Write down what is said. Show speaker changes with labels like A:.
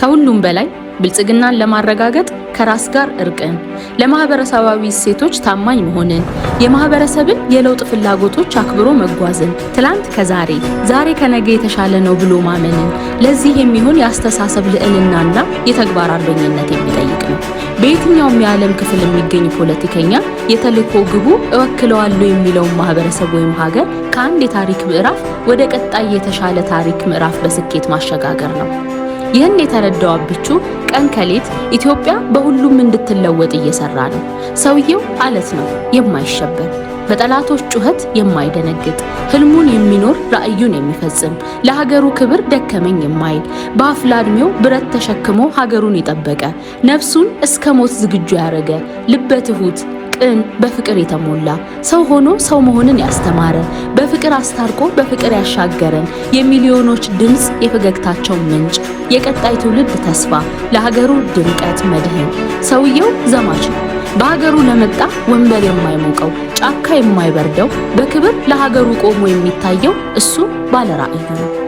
A: ከሁሉም በላይ ብልጽግናን ለማረጋገጥ ከራስ ጋር እርቅን፣ ለማህበረሰባዊ እሴቶች ታማኝ መሆንን፣ የማህበረሰብን የለውጥ ፍላጎቶች አክብሮ መጓዝን፣ ትላንት ከዛሬ ዛሬ ከነገ የተሻለ ነው ብሎ ማመንን፣ ለዚህ የሚሆን የአስተሳሰብ ልዕልናና የተግባር አርበኝነት የሚጠይቅ ነው። በየትኛውም የዓለም ክፍል የሚገኝ ፖለቲከኛ የተልዕኮ ግቡ እወክለዋለሁ የሚለውን ማህበረሰብ ወይም ሀገር ከአንድ የታሪክ ምዕራፍ ወደ ቀጣይ የተሻለ ታሪክ ምዕራፍ በስኬት ማሸጋገር ነው። ይህን የተረዳው አብቹ ቀን ከሌት ኢትዮጵያ በሁሉም እንድትለወጥ እየሰራ ነው። ሰውየው አለት ነው፣ የማይሸበር በጠላቶች ጩኸት የማይደነግጥ ህልሙን የሚኖር ራዕዩን የሚፈጽም ለሀገሩ ክብር ደከመኝ የማይል በአፍላ ዕድሜው ብረት ተሸክሞ ሀገሩን የጠበቀ ነፍሱን እስከ ሞት ዝግጁ ያደረገ ልበ በፍቅር የተሞላ ሰው ሆኖ ሰው መሆንን ያስተማረ በፍቅር አስታርቆ በፍቅር ያሻገረን የሚሊዮኖች ድምፅ የፈገግታቸው ምንጭ የቀጣይ ትውልድ ተስፋ ለሀገሩ ድምቀት መድህን ሰውየው ዘማች ነው። በሀገሩ ለመጣ ወንበር የማይሞቀው ጫካ የማይበርደው በክብር ለሀገሩ ቆሞ የሚታየው እሱ ባለራእዩ ነው።